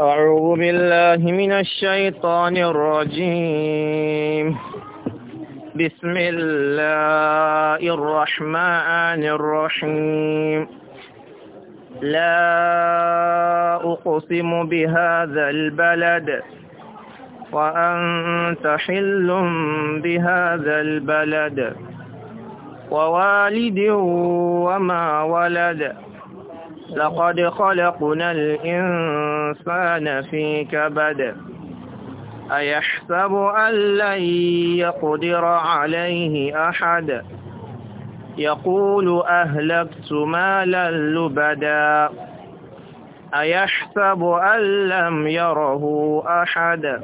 أعوذ بالله من الشيطان الرجيم بسم الله الرحمن الرحيم لا أقسم بهذا البلد وأنت حل بهذا البلد ووالد وما ولد لقد خلقنا الإنسان في كبد أيحسب أن لن يقدر عليه أحد يقول أهلكت مالا لبدا أيحسب أن لم يره أحد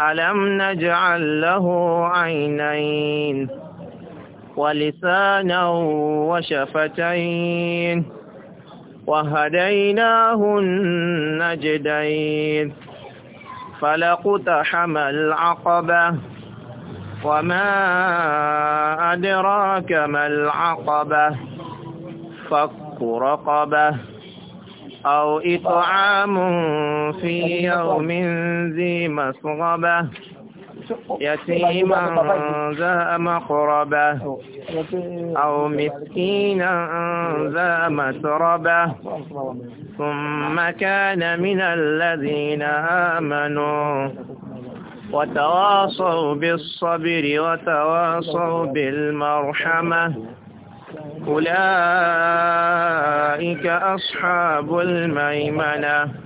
ألم نجعل له عينين ولسانا وشفتين وهديناه النجدين فلقتحم العقبة وما أدراك ما العقبة فك رقبة أو إطعام في يوم ذي مسغبة يتيما ذا مقربة أو مسكينا ذا متربة ثم كان من الذين آمنوا وتواصوا بالصبر وتواصوا بالمرحمة أولئك أصحاب الميمنة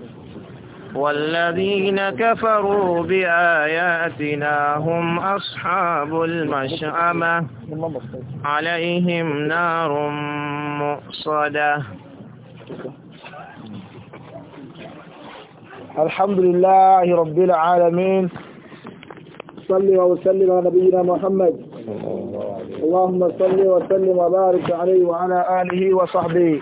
والذين كفروا بآياتنا هم أصحاب المشأمة عليهم نار مؤصدة الحمد لله رب العالمين صلي وسلم على نبينا محمد اللهم صل وسلم وبارك عليه وعلى آله وصحبه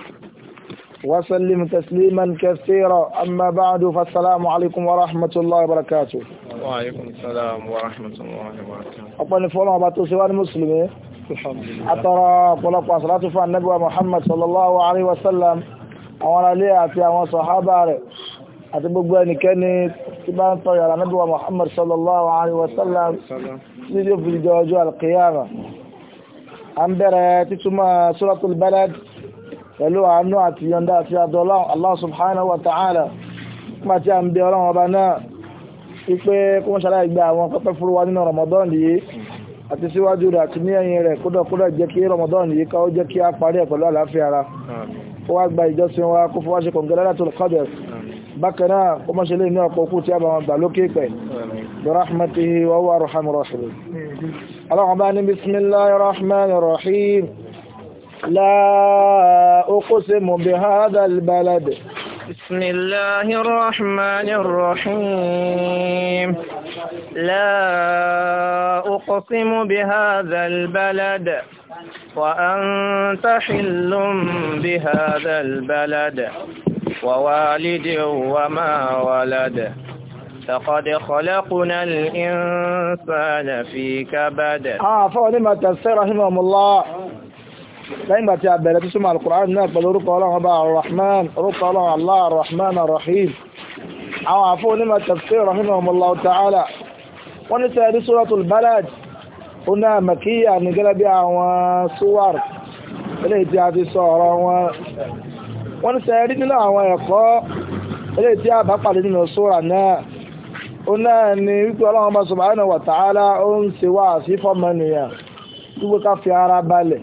وسلم تسليما كثيرا أما بعد فالسلام عليكم ورحمة الله وبركاته وعليكم السلام ورحمة الله وبركاته أقول فولا باتو سوى المسلمين الحمد لله أترى قلق صلاة فالنبي محمد صلى الله عليه وسلم أولا لي أتي أولا صحابة àti gbogbo ẹnikẹ́ni tí bá ń tọ́yà ránàbíwa Muhammad sallallahu alaihi wasallam ní yóò fi jọ ọjọ́ pẹ̀lú àánú àti yọ̀ǹda àti àdọ́lá Allah subhanahu wa ta'ala nígbà tí a ń bẹ ọlọ́run ọba náà wípé kó ń ṣàlàyé gba àwọn pẹ́pẹ́ fúru wa nínú Ramadan yìí àti síwájú rẹ̀ àti ní ẹ̀yìn rẹ̀ kódọ̀kódọ̀ jẹ́ kí Ramadan yìí ká ó jẹ́ kí a parí ẹ̀ pẹ̀lú àlàáfíà ara ó wá gba ìjọsìn wa kó fọwọ́ ṣe kọ̀ǹgẹ́ Lailatul Qadr لا أقسم بهذا البلد بسم الله الرحمن الرحيم لا أقسم بهذا البلد وأنت حل بهذا البلد ووالد وما ولد لقد خلقنا الإنسان في كبد آه فهو لما تفسير رحمه الله lẹ́yìn ìgbà tí a bẹ̀rẹ̀ tó súnmọ́ alukur'an náà pẹ̀lú orúkọ ọlọ́run ọba arahman orúkọ ọlọ́run allah arahman arahim àwọn àfọ onímọ̀ tafsir rahimahumullah ta'ala wọ́n ní sẹ́yìn suratul balad ọ̀nà makiya ní gẹ́gẹ́ bí àwọn suwar eléyìí tí a ti sọ ọ̀rọ̀ wọn wọ́n ní sẹ́yìn nínú àwọn ẹ̀kọ́ eléyìí tí a bá pàdé nínú sura náà ọ̀nà ni wípé ọlọ́run ọba subhanahu wa ta'ala ó ń ṣe wá sí nìyà gbogbo ká fi ara balẹ̀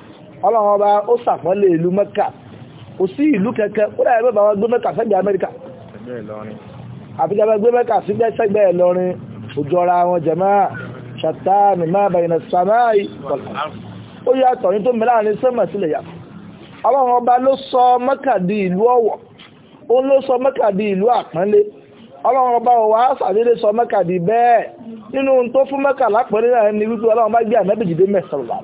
ọlọ́run ọba ó sàpọ́lẹ̀ ìlú mẹ́kà kò sí ìlú kẹ̀kẹ́ ó dàbí bàbá wọn gbé mẹ́kà sẹ́gbẹ̀ amẹ́ríkà àbíjábẹ́ gbé mẹ́kà sígbẹ́ sẹ́gbẹ̀ ìlọrin òjọra wọn jẹ̀mọ́ ṣàtàmì máa bàyìnà sàmáì ó yàtọ̀ ní tó mẹ́láàrin sẹ́mà sílẹ̀ yà ọlọ́run ọba ló sọ mẹ́kà di ìlú ọ̀wọ̀ ó ló sọ mẹ́kà di ìlú àpọ́nlé ọlọ́run ọba ọ̀wá sàdédé sọ mẹ́kà di bẹ́ẹ̀ nínú tó fún mẹ́kà lápẹ́rẹ́ náà ni wípé ọlọ́run bá gbé àmẹ́bìjì dé mẹ́sàn-án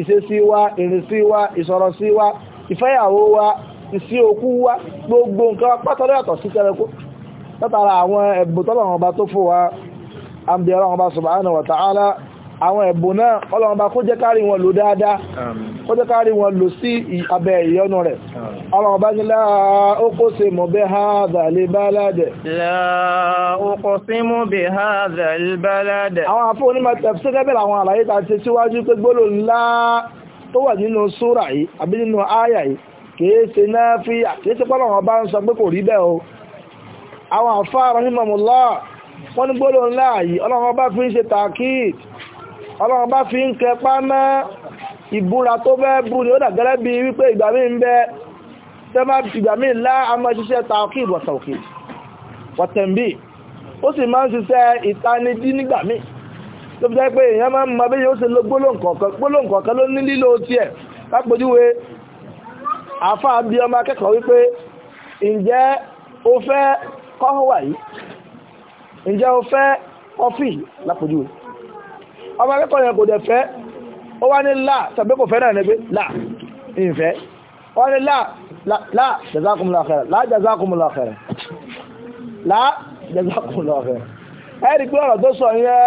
ìṣesí wa ìrìnsí wa ìsọ̀rọ̀ sí wa ìfẹ́yàwó wa ìsí okú wa gbogbo nǹkan pátọ́lẹ́ sí kẹrẹkú látara àwọn ẹ̀bùn ọba tó fún wa àmì ọba subhanahu wa ta'ala àwọn ẹ̀bùn náà ọlọ́run bá kó jẹ́ kárí wọn lò dáadáa kó jẹ́ kárí wọn lò sí abẹ́ rẹ̀ ọlọ́run bá ní ó kó mọ̀ bẹ́ ha zàlẹ̀ báládẹ̀ àwọn àfún onímọ̀ àwọn àlàyé ta síwájú pé gbólò ńlá tó wà nínú súrà yìí àbí nínú áyà yìí wọ́n ńlá yìí ọlọ́run fi ń ṣe ọlọ́run bá fi ń kẹpá mọ́ ìbúra tó fẹ́ bú ni ó dàgẹ́rẹ́ bí wípé ìgbà míì ń bẹ tẹ́mà ìgbà míì lá àmọ́ ṣiṣẹ́ taokid wọ̀tọ̀kì wọ̀tẹ̀mbì ó sì máa ń ṣiṣẹ́ ìtanijí nígbà míì tó fi jẹ́ pé èèyàn máa ń mọ bí yóò ṣe lo gbólóhùn kọ̀ọ̀kan ló ní lílo tiẹ̀ lápòjúwe àáfàá bí ọmọ akẹ́kọ̀ọ́ wípé ǹjẹ́ o fẹ́ kọ́hùwà yìí ǹjẹ́ o fẹ́ kọfí lápòjúwe ọmọ akẹ́kọ̀ọ́ yẹn kò dẹ̀ fẹ́ ó wá ní láà tàbí kò fẹ́ náà nẹ́gbé láà ìfẹ́ ó wá ní láà láà jazakumullahu khairan láà jazakumullahu khairan láà jazakumullahu khairan ẹ̀rì pé ọ̀rọ̀ tó sọ yẹ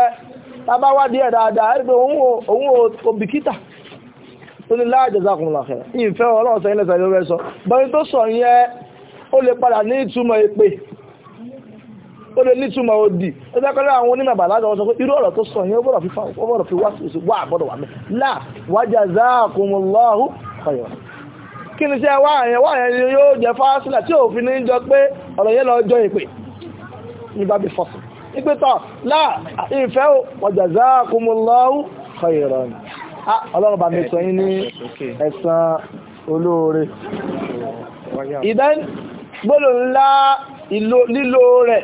tábá wá díẹ̀ dáadáa ẹ̀rì pé òun ò bìkítà tó ní láà jazakumullahu khairan ìfẹ́ ọlọ́run sọ yẹn lẹ́sẹ̀ ló rẹ sọ bọ́n tó sọ yẹ ó lè padà ní ó lè nítumọ̀ òdì ó jẹ́ pẹ́lú àwọn onímọ̀ bàlágà wọn sọ pé irú ọ̀rọ̀ tó sọ yẹn ó bọ̀rọ̀ fi wá sí wà bọ́dọ̀ wà mẹ́ là wa jazakumullahu khayran kí ni iṣẹ́ wá àyẹn wá àyẹn yóò jẹ fásilà tí òfin ní jọ pé ọ̀rọ̀ yẹn lọ ìpè ní bí fọ́sùn ìpè tọ̀ là ìfẹ́ wa jazakumullahu khayran ìdán gbọ́dọ̀ ńlá lílo rẹ̀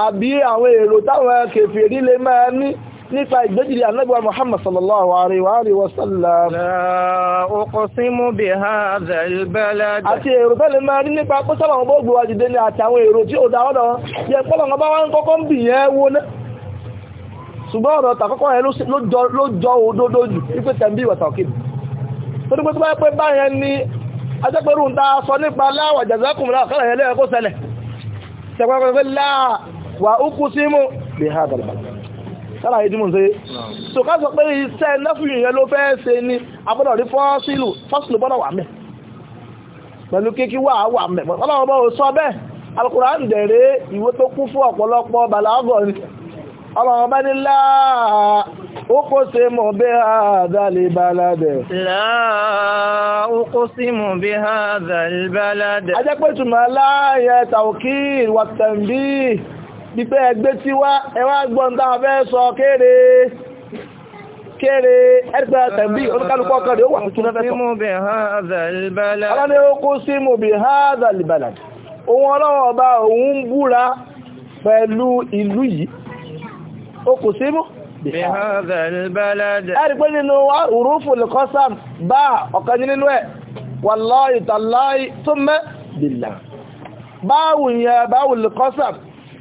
àbí àwọn èrò táwọn kèfèrí lè máa ní nípa ìgbéjìlẹ̀ ànábì Muhammad sallallahu alaihi wa sallam uqsimu bi hadha albalad àti èrò tẹ́lẹ̀ máa rí nípa pọ́sọ́lọ̀ ọmọ ògbò àjìdé ni àtàwọn èrò tí ó dáwọ́dọ̀ yẹ pọ́lọ̀ ọmọ wọn kọ́kọ́ ń bì yẹn wo ná ṣùgbọ́n ọ̀rọ̀ tàkọ́kọ́ yẹn ló jọ òdodo jù wípé tẹ̀m̀bí ìwà tàkì tó ní pé tó bá pẹ́ báyẹn ni ajẹ́pẹ̀rù ń sọ nípa láwà jazakumullahu khairan yẹn lẹ́yìn wà ókú sí mú bí ha dàgbà sára ìdí mú sí so ká sọ pé iṣẹ́ nẹ́fìyàn yẹn ló fẹ́ ṣe ní abọ́dọ̀ rí fọ́sílù fọ́sílù bọ́dọ̀ wà mẹ́ pẹ̀lú kékí wà wa mẹ́ ọlọ́wọ́ bọ́ sọ bẹ́ẹ̀ Al-Qur'an ń dẹ̀rẹ́ ìwé tó kún fún ni ọlọ́wọ́ ha pípẹ́ ẹgbẹ́ tí wá ẹwà gbọ́n dáa fẹ́ sọ kéré kéré ẹgbẹ́ tẹ̀bí oníkálùkọ́ kan rẹ̀ ó wà tuntun lẹ́fẹ́ sọ aláni ó kú sí mú bí háàdà lìbàlà ohun ọlọ́wọ́ ọba òun búra pẹ̀lú ìlú yìí ó kú sí mú ẹ̀rì pé nínú òrùfù lẹ́kọ́sàm bá ọ̀kan nínú ẹ̀ wàláì tàláì tó mẹ́ bìlà báwù yẹn báwù lẹ́kọ́sàm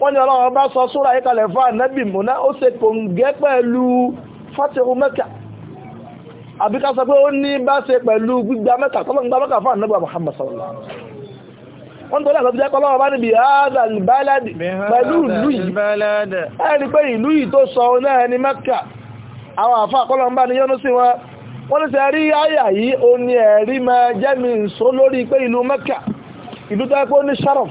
wọ́n ní ọlọ́run ọba sọ súra yìí kalẹ̀ fún ànábì múná ó ṣe kòǹgẹ́ pẹ̀lú fatihu mẹ́kà àbí ká sọ pé ó ní bá ṣe pẹ̀lú gbígba Muhammad sallallahu alaihi wasallam wọ́n tó lẹ́gbẹ̀ẹ́ jẹ́ kọ́lọ́wọ́ bá níbi hádà ìbáládì pẹ̀lú ìlú yìí ẹni pé ìlú yìí tó sọ náà ní mẹ́kà àwọn àfá àkọ́lọ́ ń bá ní yọ́nú sí wọn wọ́n ní sẹ́ rí àyà yìí ó ní ẹ̀rí máa jẹ́mi ìsó lórí pé ìlú mẹ́kà ìlú tó ní sharaf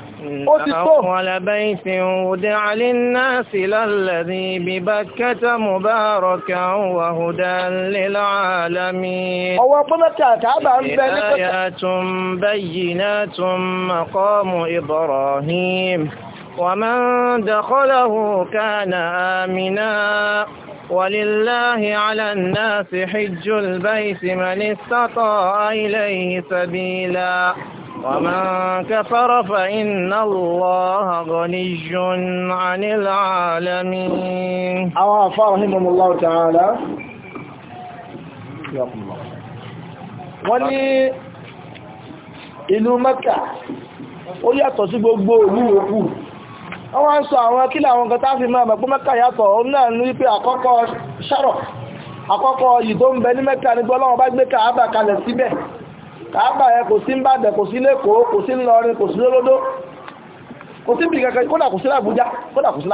أو على بيت ودع للناس للذي ببكة مباركا وهدى للعالمين أو آيات بينات مقام إبراهيم ومن دخله كان آمنا ولله على الناس حج البيت من استطاع إليه سبيلا ومن كفر فإن الله غني عن العالمين أو فرهم الله تعالى wọ́n ní ìlú Mẹ́kà ó yàtọ̀ sí gbogbo ìlú òkú wọ́n ń sọ àwọn kí láwọn kan táàfin máa mẹ́kún Mẹ́kà yàtọ̀ ó náà ní wípé àkọ́kọ́ sárọ̀ àkọ́kọ́ yìí tó ń bẹ ní Mẹ́kà ní gbọ́lọ́wọ́ bá gbé Kàábà kalẹ̀ síbẹ̀ kàábà yẹn kò sí nbàdàn kò sí lẹ́kọ̀ọ́ kò sí ńlọrin kò sí lólódó kò sí bìrì kankan kódà kò sí làbújá kódà kò sí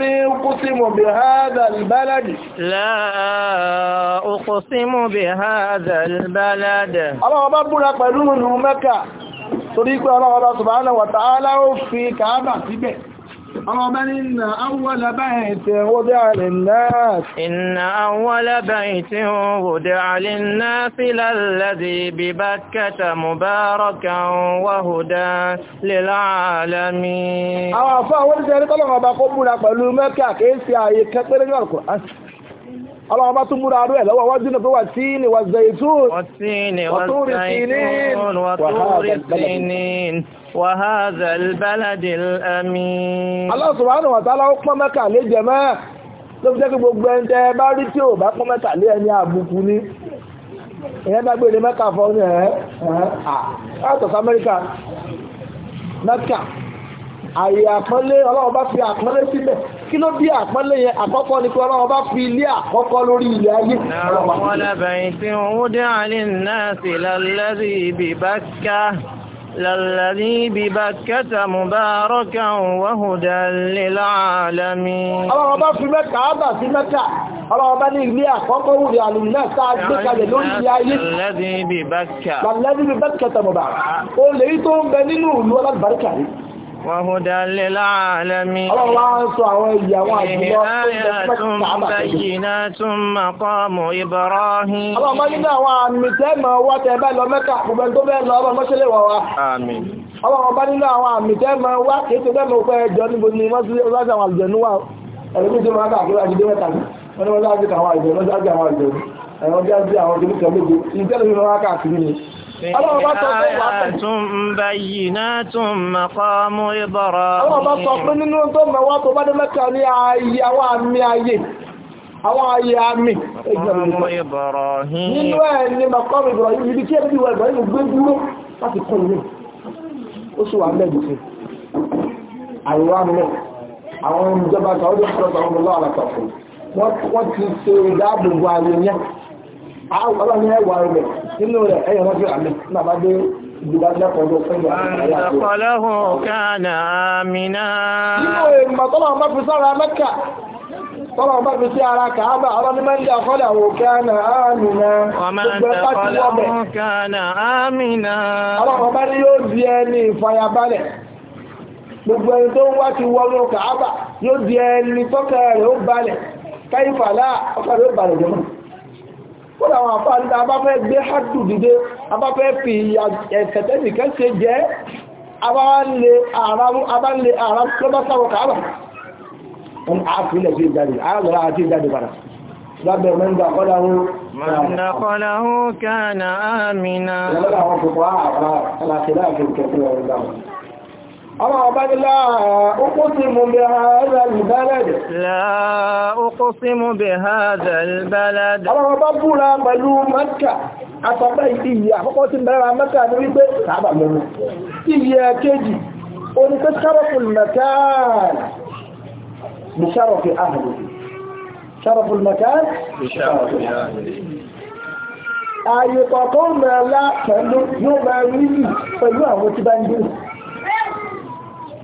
ní uqsimu bi hadha albalad. la uqsimu bi búra pẹ̀lú ìlú mẹ́kà torí pé ọba wa ta'ala ó fi síbẹ̀. ربنا إن أول بيت وضع للناس إن أول بيت وضع للناس للذي ببكة مباركا وهدى للعالمين àwọn àfá àwọn oníṣẹ́ ẹ̀rí tọ́lọ̀rọ̀ ọba kó múra pẹ̀lú mẹ́kà kìí sí ààyè kẹ́kẹ́rẹ́ ní Al-Qur'an ọlọ́wọ́ bá tún múra rẹ̀ lọ́wọ́ wájú náà tó wà tí ní wà zaitun wà tó rí وهذا البلد الأمين الله سبحانه وتعالى ọpọ́n mẹ́kà lé jẹmọ́ tó fi jẹ́ kí gbogbo ẹni tẹ́ bá rí tí ò bá pọ́n mẹ́kà lé ẹni àbùkù ní ìyẹn dágbére mẹ́kà fọ́ ní ẹ̀ ẹ́tọ̀s amẹ́ríkà mẹ́kà àyè àpọ́nlé ọlọ́run bá fi àpọ́nlé síbẹ̀ kí ló bí àpọ́nlé yẹn àkọ́kọ́ ni pé ọlọ́run bá fi ilé àkọ́kọ́ lórí ilẹ̀ ayé. للذي ببكة مباركا وهدى للعالمين ọlọ́run bá fi mẹ́ta ábà sí mẹ́ta ọlọ́run bá ní ilé àkọ́kọ́ wùdí àlùmínà sáà gbé kalẹ̀ lórí ilé ayé للذي ببكة للذي ببكة مباركا o lè tó ń bẹ nínú ìlú alábàríkà rí وهدى للعالمين فيه آيات بينات مقام إبراهيم آمين Ọlọ́run ọba nínú àwọn àmì tẹ́ ma wá kìí tó mọ̀ pé ẹjọ́ níbo ni wọ́n sí ọlọ́sí àwọn àlùjẹ̀nú wà ẹ̀rẹ́bí tí wọ́n káàkiri àti dẹ́wẹ́ta wọ́n ni wọ́n láti àwọn àlùjẹ̀nú ọlọ́run bá sọ pé wà á tún báyìí náà tún maqamu Ibrahim. ọlọ́run bá sọ pé nínú tó mẹ́wá tó bá dé mẹ́ta ní ayé àwọn àmì ayé àwọn ayé àmì nínú ẹ̀ ní maqamu Ibrahim ibi tí ẹbí àwọn ọlọ́ni ẹwà rẹ̀ nínú rẹ̀ ẹ̀yẹ̀ wọ́n fi àmì náà bá dé Tọ́lọ̀ bá fi gbogbo ẹni tó ń wá ti wọ́nú kàábà, yóò di ẹni tọ́kẹ̀ rẹ̀ ó balẹ̀, káyífà láà, ọkà ó balẹ̀ jẹ́mọ̀ kódà àwọn àfáàrí ta bá fẹ́ gbé hádù dìde a bá fẹ́ fi ẹ̀fẹ̀tẹ́nìkẹ́ ṣe jẹ́ abánlé ààrá lọ́bá sáwọ kààbà wọn àfilẹ̀ sí ìjáde ààrẹ àti ìjáde padà lábẹ̀ mẹ́ta kọ́láwó mẹ́ta kọ́láwó kánà ámìnà àwọn ọba ní láàáúkúsímú bí hádà ìbálẹ̀dì láàáúkúsímú bí hádà ìbálẹ̀dì àwọn ọba búra pẹ̀lú Mẹ́kà àtọ́gbẹ́ ìyẹ àkọ́kọ́ tí bẹ̀rẹ̀ Mẹ́kà ní wípé sábà mẹ́rin ìyẹ kéjì oníkẹ́ sárọ̀fùl mẹ́kàn bí sárọ̀fì ahàdì sárọ̀fùl mẹ́kàn bí sárọ̀fì ahàdì ààyè kọ̀ọ̀kan mẹ́rin pẹ̀lú yóò mẹ́rin pẹ̀lú àwọn tí bá ń dúró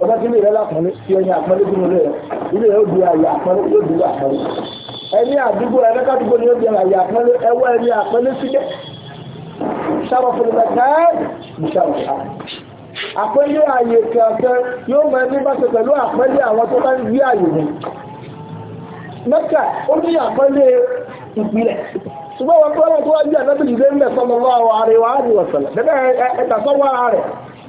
ọba tí ilé rẹ lápọ̀lẹ́ fi ẹyin àpọ́nlé sínú ilé rẹ ilé rẹ ó di àyè àpọ́nlé yóò di àpọ́nlé ẹni àdúgbò ẹni kádùgbò ni ó di àyè àpọ́nlé ẹwọ́ ẹni àpọ́nlé sílẹ̀ sábà fún ilẹ̀ káàdì ìṣàrò ṣá àpọ́nlé àyè kẹ̀kẹ́ yóò mọ ẹni bá ṣe pẹ̀lú àpọ́nlé àwọn tó bá ń gbé àyè mi mẹ́kà ó ní àpọ́nlé ìpìlẹ̀ ṣùgbọ́n wọn tó wọ́n tó wá jẹ́ àtẹ́tù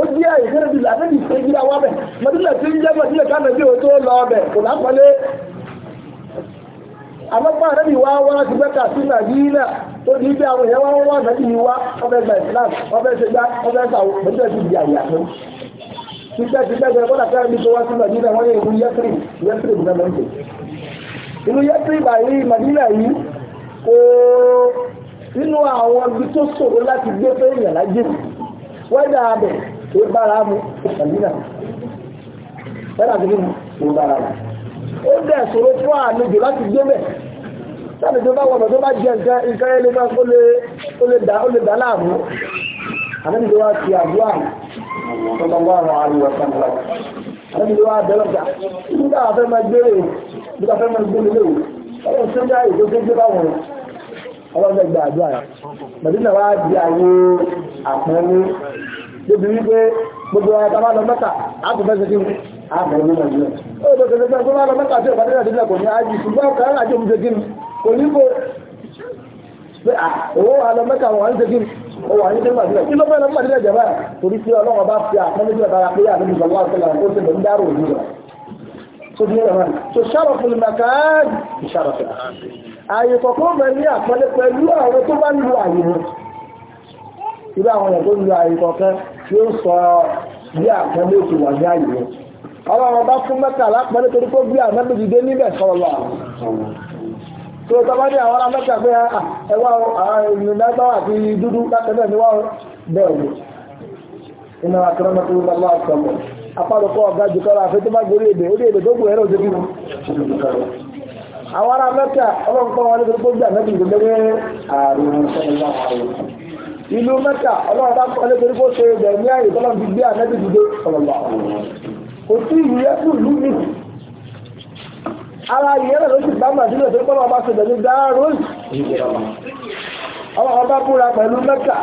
ó jẹ́ ìṣẹ́lẹ̀ bíi àtẹ́bí ìṣẹ́ ìjìlá wà bẹ̀ mọ̀tílẹ̀ tí ń jẹ́ mọ̀tílẹ̀ káàmì bí o tó lọ ọbẹ̀ kò lápọ̀lé àlọ́pàá rẹ̀ wá wá ti mẹ́ta sí nàìjíríà tó di ibi àwọn èèyàn wá wá wá nàìjí ni wá ọbẹ̀ gba Islam ọbẹ̀ ṣe gbá ọbẹ̀ gbà mọ̀tílẹ̀ ti di àyà tó títẹ́ ti tẹ́ gbẹ̀rẹ̀ kọ́dà kẹ́rin tó wá sí nàìjíríà wọ́n yẹ ìlú yẹ́sìrì yẹ́sìrì bùnà lọ́dẹ̀ ìlú yẹ́sìrì bàyí nàìjíríà yìí kò nínú àwọn ibi tó ṣòro láti gbé fẹ́ ìyànlá jẹ́ wẹ́dà abẹ̀ tó bára mu ṣàlìlà tẹ́lá ti bí mo bára mu ó dẹ̀ ṣòro fún àlejò láti gbé bẹ̀ sáàlì tó bá wọ̀nà tó bá jẹ nǹkan ẹlẹ́ máa ó lè dá láàmú àlejò wa ti àdúrà tọ́lọ́wọ́ àwọn àríwá sàmúlà àlejò wa bẹ̀rẹ̀ gbà nígbà fẹ́ máa gbére nígbà ọlọ́dẹ̀ gba àdúrà rẹ̀ mẹ̀dínà wá di àwo àpẹẹrẹ débi wípé gbogbo ara tá a bá lọ mẹ́ta á tún fẹ́ ṣe kí àpẹẹrẹ nàìjíríà ó lọ sọ pé gbogbo ara mẹ́ta tí ìpàdé nàìjíríà kò ní ájì ṣùgbọ́n ọkọ̀ ara àjọ òun ṣe kí ni ni ó wà ní sẹ́gbà sílẹ̀ kí ló fẹ́ lọ pàdé nàìjíríà báyà torí pé ọlọ́wọ́ bá fi àpẹẹrẹ sílẹ̀ bára pé so شرف المكان بشرف العامل ààyè kọ̀ọ̀kan mẹ́ ní àpẹẹlẹ pẹ̀lú àwọn tó bá ń lo ààyè wọn irú àwọn ọ̀nà tó ààyè kọ̀ọ̀kan tí ó sọ bí àpẹẹlẹ òkè wà ní ààyè wọn ọlọ́run bá fún mẹ́ta lápẹẹlẹ torí bí àmọ́ méjì níbẹ̀ sọ̀rọ̀ tó tọ́ bá ní àwọn ará pé ẹwà ìrìnàgbà àti dúdú níwá bẹ́ẹ̀ ni tó àwọn ará mẹ́ta ọlọ́pàá wọn nítorí pé gbà mẹ́ta ìgbẹ́ gẹ́gẹ́ àrùn sẹ́yìnlá àrùn ìlú mẹ́ta ọlọ́pàá wọn nítorí pé ṣe ìgbẹ̀mí àyè tọ́lọ́ fi gbé àmẹ́ta ìdílé ọlọ́pàá kò sí Àwọn ọba búra pẹ̀lú Mẹ́kà.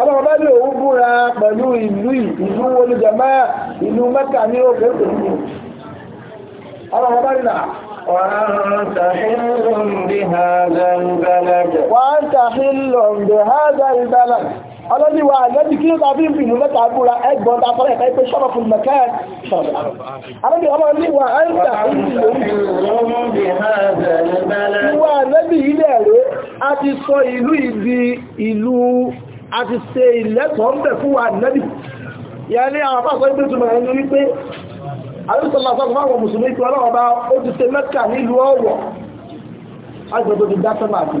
Àwọn ọba ní òun búra pẹ̀lú ìlú ìlú olùjẹmá ìlú Mẹ́kà ní òkè pẹ̀lú. Àwọn ọba nà. وأنت حل بهذا البلد ọlọ́ni wa àgbẹ́bí kí ló ta fi ń bì mú mẹ́ta búra ẹgbọ́n ta fọ́lẹ̀ ẹ̀fẹ́ pé ṣọ́rọ̀ fún mẹ́kẹ́ ṣọ̀rọ̀ àrẹ́bí ọmọ ní wa a ń tà ìwà àgbẹ́bí ilẹ̀ rẹ̀ a ti sọ ìlú ibi ìlú a ti ṣe ilẹ̀tọ̀ ń bẹ̀ fún wa àgbẹ́bí yẹni àwọn afáàkọ́ ìgbé túnmọ̀ ẹni wípé àrísọ̀lá sọ́kọ̀ fáwọn mùsùlùmí tí ọlọ́wọ́ bá ó ti ṣe mẹ́kà nílùú ọ̀wọ̀ agbègbè ti dá sẹ́mà àti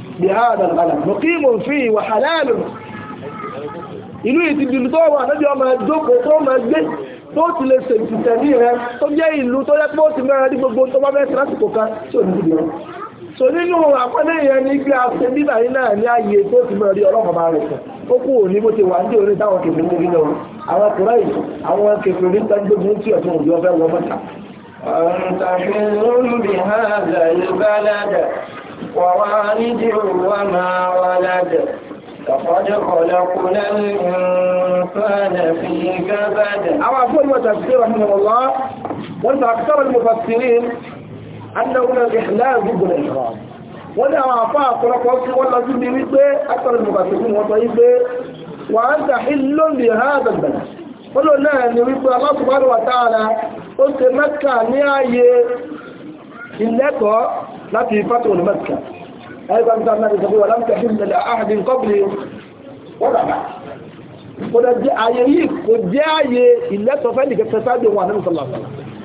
بهذا الغلط مقيم فيه وحلال ìlú ìti dìlú tó wà lọ́jọ́ ọmọ ẹjọ́kọ̀ tó máa gbé tó ti lè ṣe ìtìtẹ̀ ní rẹ tó jẹ́ ìlú tó yẹ pé ó ti mẹ́rin ní gbogbo tó bá mẹ́sì lásìkò kan tí ò ní ìdí rẹ so nínú àpẹẹlẹ yẹn ní bí a ṣe nígbà yìí náà ní ààyè tó ti mẹ́rin ní orí ووالد وما ولد لقد خلقنا الإنسان في كبد أو أقول وتفسير رحمه الله وانت أكثر المفسرين أنه من الإحلال ضد الإحرام wọ́n àwọn àfá àkọ́lọpọ̀ sí wọ́n lọ sí bí wípé akọ̀rọ̀ ìmọ̀kàtàkùn wọ́n sọ wípé wà ń tà ìlò lè ha àgbàgbà wọ́n lò náà ni wípé aláṣùgbọ́n wà táàrà ó ṣe mẹ́kà ní ààyè ìlẹ́kọ̀ọ́ láti fátò ní mẹ́ta ẹgbẹ́ ní sáàmì ìsọ̀bí wà láti tẹ̀sí ìlẹ̀ àhàdì kọ́bìlì wọ́dàbà kò dẹ̀ jẹ́ ààyè yìí kò jẹ́ ààyè ìlẹ́sọ̀fẹ́lì kẹfẹ́ sáàdì ohun ànábì sọ̀lá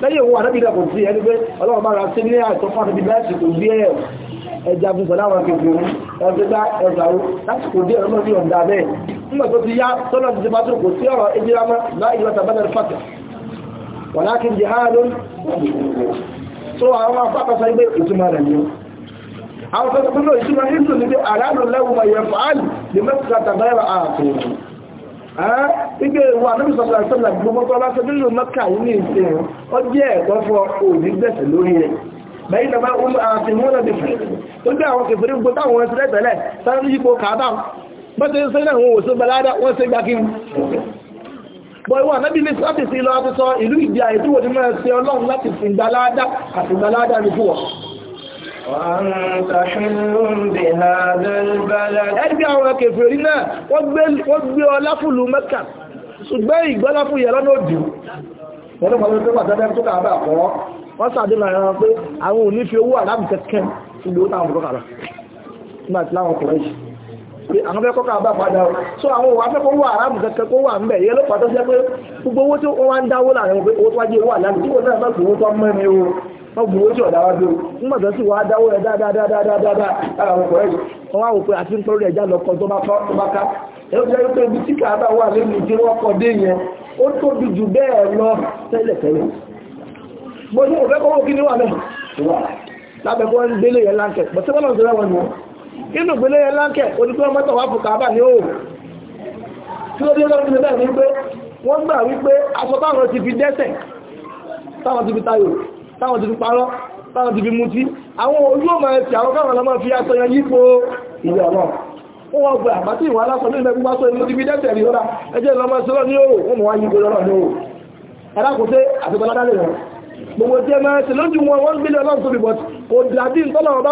lẹ́yìn ohun ànábì dàpọ̀ sí ẹni pé ọlọ́run bá ra sí ní àìsàn fún ànábì láti kò gbé ẹ̀ ẹja fún sọ̀lá àwọn akẹ́kọ̀ọ́ ẹgbẹ́ bá ẹgbà ó láti so àwọn afákọsọ ilé ìtumọ̀ rẹ̀ ni àwọn afẹ́kọ̀ pínlẹ̀ ìtumọ̀ ìtù ní pé àránù lẹ́wùmọ̀ yẹ fàálì lè mẹ́ta tàbáyà ààtòrò Igbe ìwà níbi sọ̀rọ̀ ìṣẹ́lẹ̀ gbogbo tó lásán nínú mọ́kà yìí ní ìsìn ọ jẹ́ ẹ̀kọ́ fún òní gbẹ̀sẹ̀ lórí rẹ̀. Bẹ̀yìn náà wọ́n àti múnà bí fẹ̀. Ó gbé àwọn kèfèrè gbogbo táwọn ẹsẹ̀ tẹ́lẹ̀ sáré yípo kàábà. Bọ́sẹ̀ ń sẹ́yìn àwọn bọ̀ ìwọ̀n ànábì ní láti sí lọ àti sọ ìlú ìdí àìdúwò ní mẹ́rin sí ọlọ́run láti fi ìgbàládá àti ìgbàládá ní fún wọn. ẹgbẹ́ àwọn kèfèrí náà wọ́n gbé ọlá fúlù mẹ́kà ṣùgbọ́n ìgbọ́lá fún ìyẹ̀rọ náà dì wọ́n sàdé láàrin pé àwọn ò ní fi owó àrábì kẹ́kẹ́ ìlú táwọn ọ̀pọ̀ kàrà nígbàtí láwọn ọkùnrin pé àwọn fẹ́ kọ́kọ́ àbá padà o so àwọn òwò afẹ́kọ́ wà aráàmù kankan kó wà ń bẹ̀ yẹ ló pàtó jẹ́ pé gbogbo owó tí wọ́n wá ń dáwó láàrin owó tó wájú owó àlàáfíà tí wọ́n náà bá tó o wọ́n gbowó tí wá bí o nígbà tó sì wá dáwó rẹ̀ dáadáadáadáa ẹja inú ìpínlẹ̀ yẹn láńkẹ̀ onígbọ́n mọ́tò wà fún kàábà ní òòrùn tí ó dé lọ́dún ní bẹ́ẹ̀ wípé wọ́n gbà wípé aṣọ táwọn ti fi dẹ́sẹ̀ táwọn ti fi tayò táwọn ti fi parọ́ táwọn ti fi mutí àwọn ojú ọmọ ẹ̀sì àwọn káwọn lọ́mọ fi aṣọ yẹn yípo ìwẹ̀ ọlọ́run wọ́n wọ́n gbà àbátí ìwọ̀n aláṣọ nílẹ̀ gbogbo aṣọ ìlú ti fi dẹ́sẹ̀ rí lọ́ra ẹjẹ́ lọ́mọ sílọ́ ní òòrùn wọ́n mọ̀ wá yípo lọ́rọ̀ ní òòrùn ẹ̀rákùnṣe àtìkọ́lá dálẹ̀ rẹ̀ gbogbo tí ẹ máa ṣe lójú wọn wọ́n gbélé ọlọ́run tóbi bọ̀t kò dàbí ìtọ́lọ̀ ọba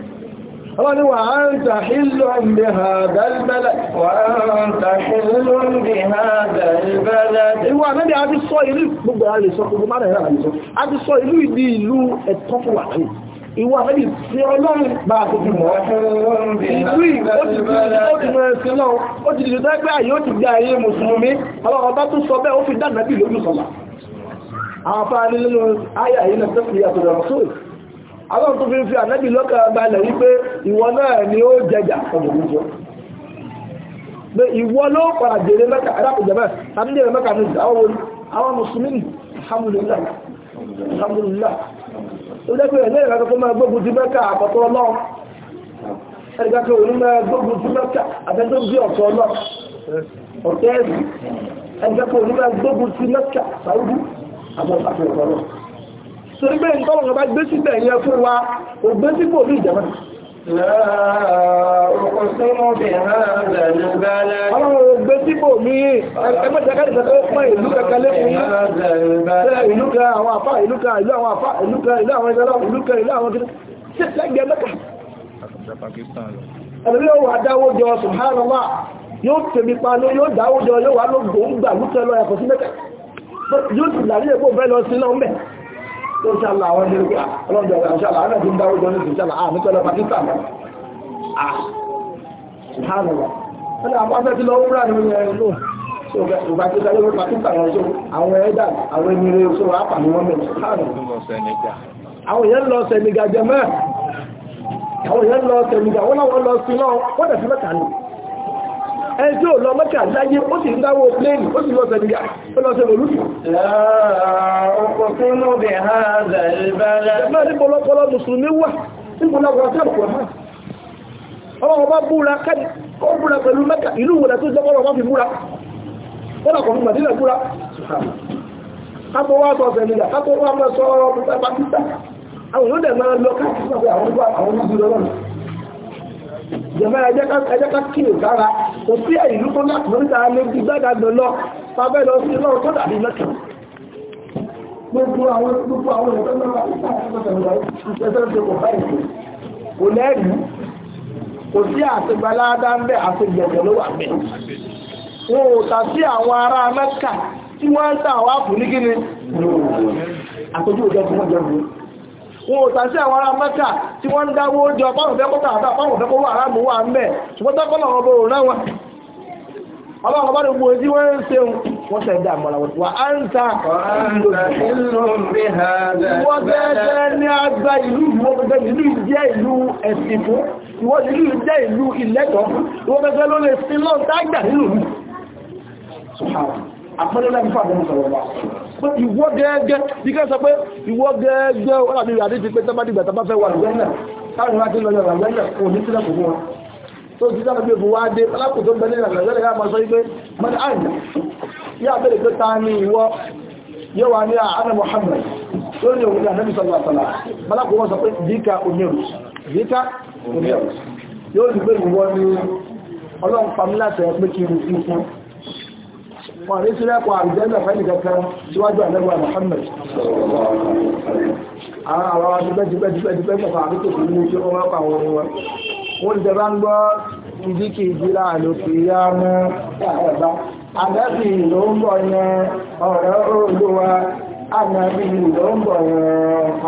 wọ́n ni wọ́n ta hìlùm bí ha dalbala wọ́n ta hìlùm bí ha dalbala ìwọ̀n àmẹ́bí a ti sọ ìlú gbogbo a lè sọ gbogbo mara ẹ̀rọ àlè sọ a ti sọ ìlú ìdí ìlú ẹ̀tọ́ fún wà náà ìwọ àmẹ́bí tí ọlọ́run bá a tuntun ìlú ìlú àwọn tó fi ń fi ànábì lọ́kàn balẹ̀ wípé ìwọ náà ni ó jẹjà ọmọ ìjọ pé ìwọ ló padà jèrè mẹ́ta arákùnjẹ́mẹ́ tàbí jèrè mẹ́ta ní àwọn àwọn mùsùlùmí alhamdulillah alhamdulillah tó dẹ́gbẹ̀ ẹ̀ lẹ́yìn akẹ́kọ̀ọ́ máa gbógun ti mẹ́ta àkọ́kọ́ ọlọ́run ẹ̀ríkàkẹ́ òní torí pé nǹkan wọn bá gbé síbẹ̀ yẹn fún wa kò gbé síbò ní ìjọba Ọlọ́run gbé síbò mí ẹgbẹ́jẹ̀kẹ́jẹ̀ tó pọ̀ ìlú kẹkẹ lẹ́kùn yí, ìlú kẹ àwọn àfá, ìlú kẹ ìlú àwọn àfá, ìlú kẹ ìlú àwọn ìjọba, ìlú kẹ ìlú àwọn gírí, ṣe lẹ́gbẹ̀ẹ́ mẹ́ta. Ẹ̀lú yóò wà dáwó jọ Subhanallah, yóò tèmi pa ló yóò dáwó jọ yóò wà ló gbòógbà lúkẹ lọ ẹ̀kọ̀ tó ṣàlà àwọn ilé ìgbà ọlọ́dọ̀ ṣàlà àwọn ẹ̀dùn dáwọ́ jọ nìkan ṣàlà àmì tọ́lọ Pakistan àhánàlá wọ́n àwọn afẹ́ tí lọ wúrà ní ilẹ̀ ìlú ìgbà tí ó Pakistan ọ̀ṣọ́ àwọn ẹ̀dà àwọn ènìyàn ọ̀ṣọ́ àpà ní wọ́n mẹ́rin àwọn èèyàn lọ sẹ̀nìgà jẹ mẹ́ àwọn èèyàn lọ sẹ̀nìgà wọ́n láwọn lọ sí lọ wọ́n dẹ̀ fi mẹ́ta ní ẹni tí ó lọ mọ́kà láyé ó sì ń dáwó pléènì ó sì lọ́sẹ̀ nígbà ó lọ́sẹ̀ olúfì ọlọ́wọ́ bá búra kẹ́dì ó búra pẹ̀lú mẹ́kà ìlú wòlẹ̀ tó jẹ́ ọlọ́wọ́ fi búra wọ́n lọ́kọ̀ fún màdínà búra kápọ̀wọ́ àtọ̀ ọ̀sẹ̀lẹ̀dà kápọ̀wọ́ àmọ́ sọ ọ̀rọ̀ pàtàkì àwọn yóò dẹ̀ máa lọ káàkiri àwọn ìgbà àwọn ìgbìyànjú ìjọba ẹjẹ́ká kíyè sára kò sí ìlú tó láti mọ́ríta lé bí gbádàgbà lọ pàbẹ́ lọ sí lọ́rọ̀ tó dàbí mẹ́ta gbogbo àwọn gbogbo àwọn ẹ̀tọ́ náà kò lẹ́rìí kò sí àtìgbàládá ń bẹ́ àtìgbẹ̀jẹ̀ ló wà bẹ́ wọn ò tà sí àwọn ará mẹ́ta tí wọ́n ń tà wá fún ní gíní àtọ́jú òjò tí wọ́n jẹ́ wọn ò tàṣí àwọn ará mẹ́kà tí wọ́n ń dáwó jọ báwọn fẹ́ kọ́kà àbá báwọn fẹ́ kọ́wọ́ aráàmù wà ń bẹ̀ ṣùgbọ́n tọ́kọ́ náà wọn bọ̀rọ̀ náà wọn ọlọ́run ọba ní gbòòdì wọ́n ń ṣe wọ́n ṣe dá àmọ́ra wọn wà á ń ta wọ́n fẹ́ ní agbá ìlú ìlú jẹ́ ìlú ẹ̀sìn fún ìwọ́n ìlú jẹ́ ìlú ìlẹ́tọ̀ọ́ ìwọ́n fẹ́ ló lè sin lọ́ọ̀tà àgbà nínú ìlú àpẹẹrẹ láì fún àbẹ̀mù sọ̀rọ̀ wa pé ìwọ gẹ́gẹ́ bí kẹ́ sọ pé ìwọ gẹ́gẹ́ wọ́n àti ìrìn àdéjì pé tábà dìgbà tábà fẹ́ wà lọ́wọ́ náà táwọn ìwádìí lọ lọ́wọ́ lọ́wọ́ náà kò ní sílẹ̀ kò fún wọn tó ti sábà bí òfin wá dé alákòótó gbẹ́lẹ́ ìrànlọ́wọ́ yà Muhammad yóò ní òun ní ànábì sọ̀rọ̀ àtàlà malakò wọ́n sọ pé dìkà omeru dìkà omeru yóò ní pé ìwọ wọn àrí sílẹ̀kùn àrùjẹ́lẹ̀ fẹ́lì kankan síwájú àlẹ́gbà Muhammad àwọn àwọn adúgbẹ́dúgbẹ́dúgbẹ́ pẹ̀lú àdúgbò tó ní ojú wọn pa àwọn wọn wọn jẹ bá ń gbọ́ ìdí kì í jíra àlòkè yá mọ́ àgbà àgbẹ̀bì ló ń bọ̀ yẹn ọ̀rẹ́ olúwa àgbẹ̀bì ló ń bọ̀ yẹn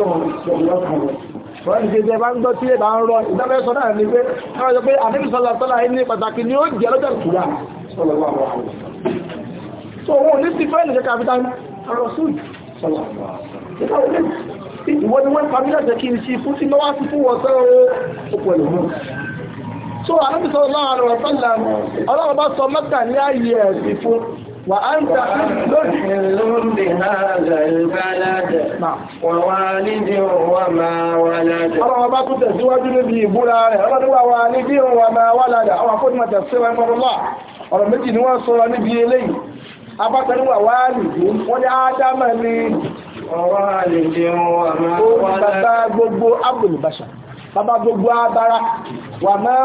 ọ̀rẹ́ ìgbẹ́jẹ́ bá ń gbọ́ tí èbá ń rọ ìdámẹ́sọ náà ní pé káwọn jọ pé àdébìsọ́lá tọ́lá ní pàtàkì ni ó jẹ́ lọ́jọ́ ìtura so wọn ò ní ti fẹ́ nìkẹ́ kàfíta àrọ̀sùn ìwọ́n ni wọ́n pàmílẹ̀ jẹ́ kí n sí fún sí lọ́wọ́ sí fún wọ́sẹ́ ọ̀pọ̀ ìlú so àdébìsọ́lá àrọ̀sọ́lá ọlọ́run bá sọ mẹ́ta ní ààyè ẹ̀sìn fún وأنت حل بهذا البلد ووالد وما ولد أنا ما كنت نبي بلاد أنا ووالد وما ولد أو أقول ما تفسير أمر الله ọ̀rọ̀ méjì ni wọ́n sọ níbi eléyìí abákanúwà wà nìdí wọ́n ní ádámà ní bàbá gbogbo abùlùbàṣà bàbá gbogbo abára wà máa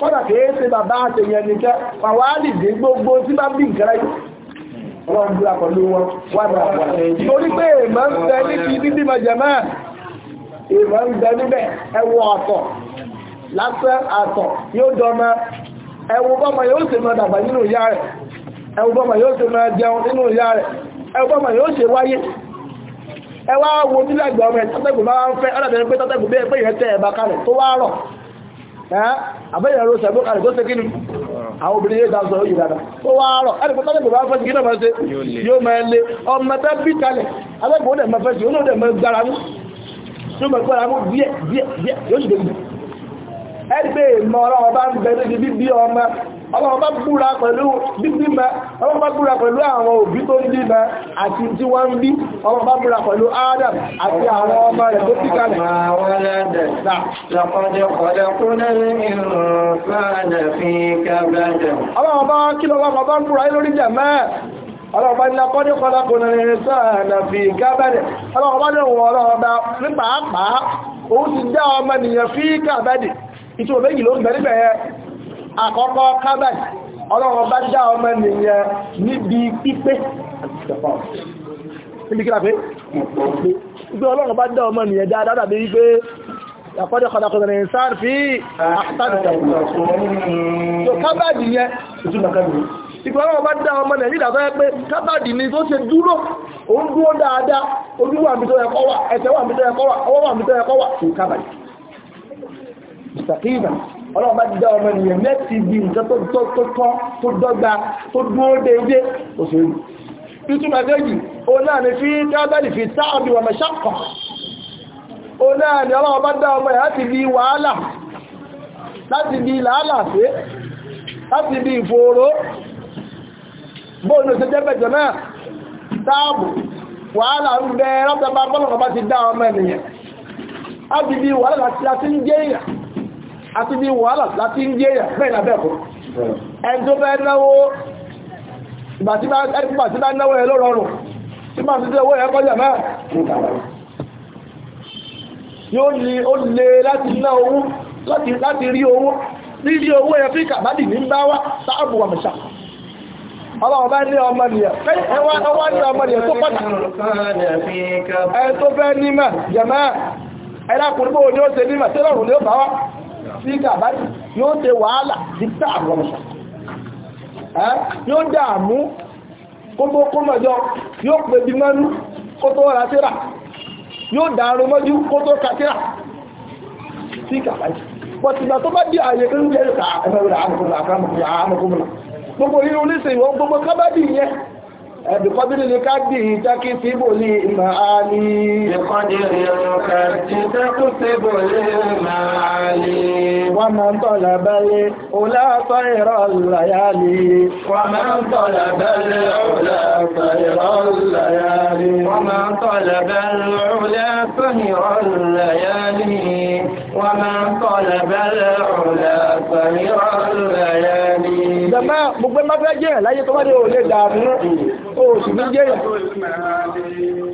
kọ́dà kìí ṣe bàbá àtẹ̀yẹ nìkẹ́ pàwọ́ àlìdé gbogbo tí bá bí nǹkan ráyé ọlọ́run búra pẹ̀lú wọn wà ní àwọn torí pé èèmọ̀ ń bíbí mọ̀jẹ̀mọ́ èèmọ̀ ń níbẹ̀ ẹwọ àtọ̀ yóò ẹwọ bọ́mọ yóò ṣe mọ dàgbà nínú ìyá rẹ̀ ẹwọ bọ́mọ yóò ṣe mọ jẹun nínú ìyá rẹ̀ ẹwọ bọ́mọ yóò ṣe wáyé ẹ̀ máa ń fẹ́ Eh? àbẹ́yẹ̀rọ sẹ̀bọ́ kàrẹ̀ tó sẹ́kínú àwọn obìnrin yóò dáńsọ̀ yìí dáadáa ó wá rọ̀ ẹ̀rẹ̀kọ́tọ́ lè bàbá fẹ́sì gínà máa ṣe yóò máa lé ọmọ tẹ́ bí kalẹ̀ alẹ́gbọ́n dẹ̀ máa fẹ́sì yóò náà dẹ̀ máa gbára mú yóò máa gbára mú díẹ̀ díẹ̀ díẹ̀ yóò sì dẹ̀ ẹgbẹ́ ìmọ̀ ọlọ́wọ́ bá ń bẹ̀rẹ̀ ní bíbí ọmọ ọlọ́wọ́ bá búra pẹ̀lú bíbí mẹ́ ọlọ́wọ́ bá búra pẹ̀lú àwọn òbí tó ń bí mẹ́ àti tí wọ́n ń bí ọlọ́wọ́ bá búra pẹ̀lú Adam àti àwọn ọmọ rẹ̀ tó tíkalẹ̀ ọlọ́ọ̀bá ní akọ́dé kọlákùnà ìrìnsá ànàfi gábẹ́dẹ̀ ọlọ́ọ̀bá ní òun ọlọ́ọ̀bá ní pàápàá òun ọmọ nìyàn fi gábẹ́dẹ̀ ìtumọ̀ méjì ló ń bẹ níbẹ̀ yẹn àkọ́kọ́ kábẹ̀ ọlọ́run bá dá ọmọ nìyẹn níbi pípé níbi kí láfẹ́ ìgbé ọlọ́run bá dá ọmọ nìyẹn dáadáa dàbí wípé لقد خلقنا الإنسان في أحسن kábàdì yẹn ìgbọ́nà ọba dá ọmọ nàìjíríà tó ni tó ṣe dúró òun dúró dáadáa ojú wà mí tó yẹ kó wà ẹsẹ̀ wà mí tó yẹ kó wà kábàdì mustaqima ọlọ́run bá ti dá ọmọ ènìyàn mẹ́tì bí nǹkan tó tọ́ tó dọ́gba tó dúró déédé òṣèlú ìtumọ̀ méjì o náà ni fi tábẹ́lì fi sáàbì wà mẹ́ṣàkọ̀ o náà ni ọlọ́run bá dá ọmọ ẹ̀ láti bí wàhálà láti bí làálàfé láti bí ìfòòró bóòlù ṣe jẹ́bẹ̀jẹ̀ náà táàbù wàhálà ń bẹ lọ́tọ̀ bá bọ́lọ̀ bá ti dá ọmọ ènìyàn láti bí wàhálà láti jẹ́ èèyàn àti bí wàhálà láti ń jẹ́yà bẹ́ẹ̀ lábẹ́ ẹ̀kọ́ ẹni tó fẹ́ náwó ìgbà tí bá náwó ẹ lórọrùn tí máa títí owó ẹ kọjá mẹ́ yóò ní ó lè láti ná owó láti rí owó níbi owó ẹ fi kàbádì ní bá wá sáàbù wà mẹ́sà ọlọ́wọ́ bá ní ọmọ nìyà ẹwà ọwọ́ ní ọmọ nìyà tó pàtà ẹ tó fẹ́ ní mẹ́ jẹ̀mẹ́ ó ṣe ní ó bá wá síkà báyìí yóò tẹ wàhálà dípítà àrọ̀mọ̀ṣà yóò dààmú kótó kómọjọ yóò pè bí mẹ́rú kótó ra síra yóò dààrú mọ́jú kótó kàtíra síkà báyìí pọ̀tìgbà tó bá dí ààyè tó ń jẹ́ ẹ̀rọ àmọ̀kùnrin àmọ̀kùnrin gbogbo irú oníṣẹ́ ìwọ̀n gbogbo kábàdì yẹn بقدر لكده تكسب لي معالي بقدر الكد تكسب لي معالي ومن طلب لي أولى طير الليالي ومن طلب لي أولى طير الليالي ومن طلب العلا طير الليالي ومن طلب العلا طير الليالي jẹmọ́ gbogbo ẹmọ́ fẹ́ jẹ́yàn láyé tó wádé olè dààmú oṣù bí jẹ́yàn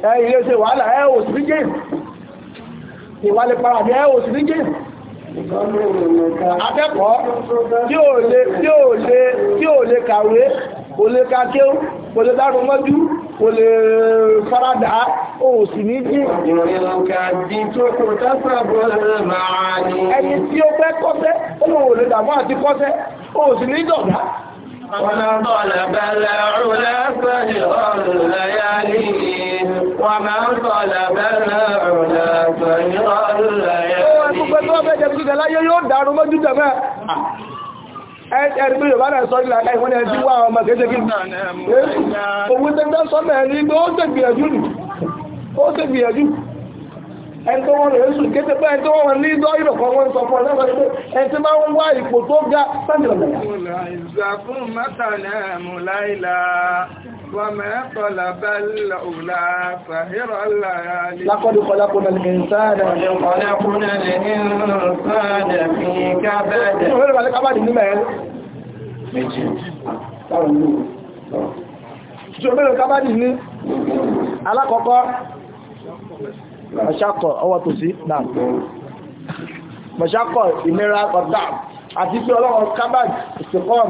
ẹ ilé ṣe wàhálà ẹ oṣù bí jẹ́yàn ìwálẹ̀ para ní ẹ oṣù bí jẹ́yàn akẹ́kọ̀ọ́ tí ò lè kàwé kò lè kakẹ́ ó kò lè dárò mọ́jú kò lè farada ó sì ní jí. ẹni tí ó fẹ́ kọ́sẹ́ ó lòun ò lè dàmú àti kọ́sẹ́ ó sì ní dọ̀gá. ومن طلب العلا فجر الليالي ومن طلب العلا فجر الليالي ẹgbẹ́ yorùbá náà sọ ìlànà ìwọ́n ni ẹjí wá ọmọ kéjèké òun tẹ́gbẹ́ sọ́nà ẹni pé ó tẹ̀gbìyànjú nì ó tẹ̀gbìyànjú ẹni tó wọ́n rẹ̀ sùn kéjè pé ẹni tó wọ́n ní ìdọ́ ìrọ̀kọ́ wọn sọ fún ọlọ́pàá pé ẹni tí máa ń wá ipò tó ga sáńdìlọ́gbẹ̀rẹ̀ وما طلب الأولى فهر الليالي لقد خلقنا الإنسان خلقنا الإنسان في كبد Ọlọ́run alẹ́ kábàdì ní mẹ́rin. Méjì. Táwọn ìlú. Ṣọ́bẹ̀rẹ̀ kábàdì ní alákọ̀ọ́kọ́. Mọ̀ṣákọ̀ ọwọ́ tó sí náà. Mọ̀ṣákọ̀ ìnira ọ̀dá àti pé ọlọ́run kábàdì ìsìnkọ́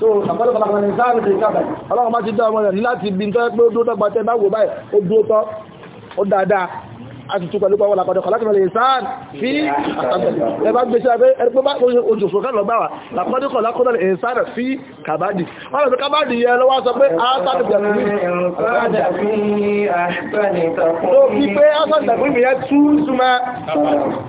so àpẹẹlẹpàá kan ní sáà ní ṣe káàkiri ọlọ́run bá ti dá ọmọ rẹ̀ láti ibi tó pé ó dúró tọ́gbà tẹ́ bá wò báyìí ó dúró tọ́ ó dáadáa a ti tún pẹ̀lú pẹ̀lú àpàdọ̀kọ̀ láti mẹ́lẹ̀ sáà fi ẹgbà gbèsè abẹ́ ẹgbẹ́ bá oṣù òṣù kan lọ́gbà wà lápàdọ̀kọ̀ lákọ́dọ̀ ìsáà fi kàbádì wọ́n lọ́pẹ́ kàbádì yẹ lọ́wọ́ sọ pé aásàdìbìyàn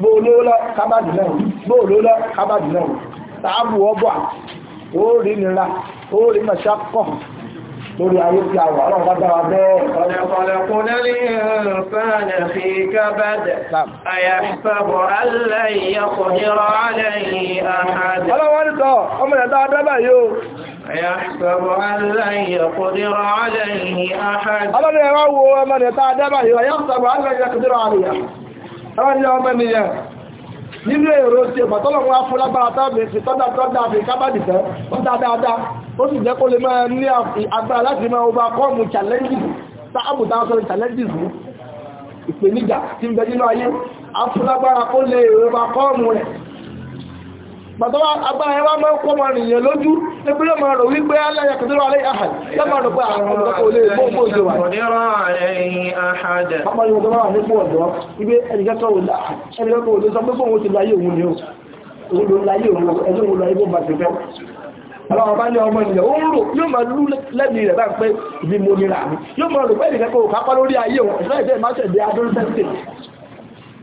bó olówó lọ kábàdì náà bó olówó lọ kábàdì náà tààbù ọbọ̀ ó rí nira ó rí mọ̀ṣákọ̀ lórí ayé tí a wà ọlọ́run bá dára bẹ́ẹ̀. ọ̀lẹ̀kùnlẹ̀ ní ìrìnfẹ́ẹ̀nà fi kábàdì àyàfẹ́bọ̀ aláìyàkùnirọ̀ aláìyàn àhàdì. ọlọ́wọ́n tọ́ ọmọ ẹ̀dá adábà yóò Àyàṣẹ́bọ̀ aláìyàkùnirọ̀ aláìyàn àhàdì. ọlọ́run ẹ̀wọ́ wo ọmọ ẹ̀dá adábà yóò ọ̀rọ̀ ọmọ ènìyàn nínú èrò tí ẹ̀mọ̀ tọ́lọ̀ wọ́n fún lágbára tábìsì tọ́dá tọ́dá àfi kábàdì tẹ́ ó dáadáa ó sì jẹ́ kó lè máa ní agbára láti máa ọba kọ́ọ̀mù challenges sáàbùdá sọ́rọ̀ challenges ìpèníjà tí ń bẹ nínú ayé afúnlágbára kó bàtọ́wà agbára ẹwà máa ń kọ́mọ ènìyàn lójú níbi ló máa rò wípé aláya kò tó rà lẹ́yìn àhàd lọ́mọ rò pé àwọn ọ̀dọ́ olè mọ́gbọ́ òjò wà. ọmọ yóò tó máa nípò ọ̀dọ́ ibi ẹnìkẹ́kọ̀ọ́ olè sọ pé fóun ó ti láyé òun ni ó òun ló láyé òun ẹjọ́ òun láyé bó bá ti fẹ́ ọlọ́wọ́ bá ní ọmọ ènìyàn ó ń rò yóò máa lú lẹ́nu rẹ̀ bá ń pẹ́ ìdí mo nira mi yóò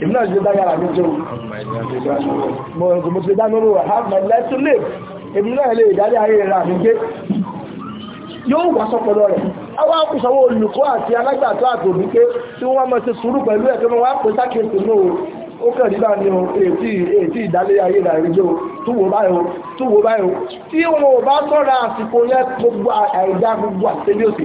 èmi náà ṣe dáyàrá mi jẹun mo ẹ̀kọ́ mo ti dáná ló have my life to live èmi náà lè dárí ayé rà mí gbé yóò wà sọpọlọ rẹ̀ àwọn akùsọwọ́ olùkọ́ àti alágbàtọ́ àtòbí pé tí wọ́n mọ̀ sí sùúrù pẹ̀lú ẹ̀kọ́ wọn wá pè sákèsì náà ó kàn nígbà ní o ètí ètí ìdálé ayé rà rí jẹ́ o túwò báyìí o túwò báyìí o tí wọn ò bá sọ́ra àsìkò yẹn gbogbo àìdá gbogbo àtẹ́lẹ́ òsì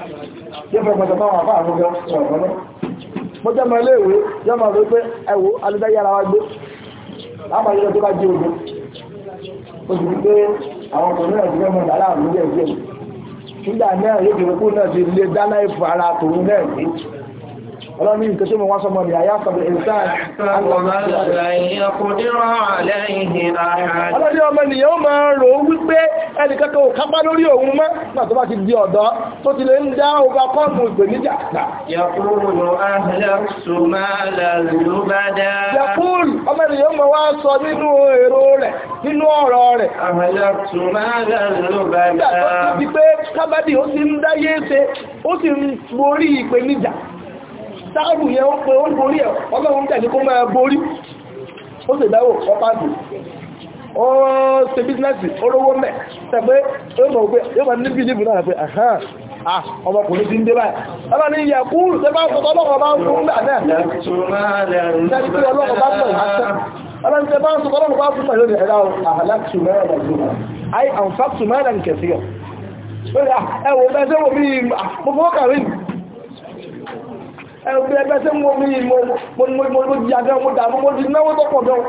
yóò fẹ́ pẹ̀sẹ̀ fáwọn àfáà fún gẹ́rọ mo jẹ́ mọ̀ iléèwé yóò mọ̀ wípé ẹwò alúdáyára wá gbé lápàáyé tó bá jẹ́ ògbé ó sì wípé àwọn ọkùnrin náà ti fẹ́ mọ̀ láàrín díẹ̀ díẹ̀ nígbà náà yóò fi rúkú náà ti lè dáná ìfọ̀ ara tòun náà gbé ọlọ́ni nǹkan tí mo wá sọmọ rẹ̀ àyà sọ̀rọ̀ ìsáà ọlọ́ni ọmọ ènìyàn ó máa rò ó wípé ẹnìkankan ò kápá lórí òun mọ́ nígbà tó bá ti di ọ̀dọ́ tó ti lè ń dá ọba kọ́ọ̀mù ìgbèníjà yàkúùn ọmọ ènìyàn mọ̀ wá sọ nínú èrò rẹ̀ nínú ọ̀rọ̀ rẹ̀ nígbà tó ti di pé kábàdì ó ti ń dáyé ṣe ó sì ń borí ìpèníjà sáàrù yẹn ó pé ó ń borí ẹ̀ ọlọ́run tẹ̀lé kó máa borí ó sì dáwò ọpáàdù ó ṣe bísínẹ́sì olówó mẹ́ tẹ̀gbé yóò máa níbi níbi náà pé àhán ọmọkùnrin ti ń dé báyìí ọlọ́ ní ìyà kú tẹ́ bá fọ́tọ́ ọlọ́run bá ń fún gbà náà tẹ́lẹ̀ pé ọlọ́run bá fún ìhásẹ́ ọlọ́run tẹ́ bá ń sọ ọlọ́run bá fún ìhásẹ́ ẹ̀dá àhàlákùsù mẹ́rin àjùmọ̀ àì àǹfàkùsù mẹ́rin kẹsíọ̀ ẹ̀wọ̀n mẹ́sẹ̀wọ̀n bí i mọ́kàrin ẹgbẹ́ ẹgbẹ́ tí mo rí mo jí àgbà mo dàmú mo ti náwó tó pọ̀ gan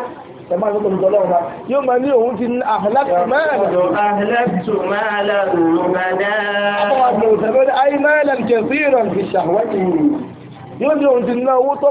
ẹ̀má ìfẹ́ pẹ̀lú ọlọ́run bá yóò máa ní òun ti àhàlàtù mẹ́rin yóò ní òun ti ná owó tó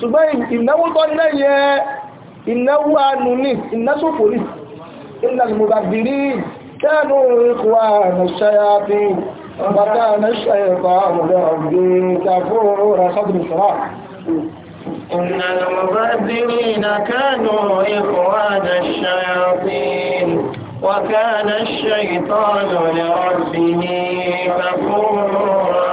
ṣùgbọ́n ìnáwó tọ́ ní yẹ ìnáwó anù ní ìnáṣòfò ní ìlànàmùgbàgbìrí kẹ́ẹ̀nù ìkùwà ànàṣẹ́yàfí bàtà وكان الشيطان لربه كفورا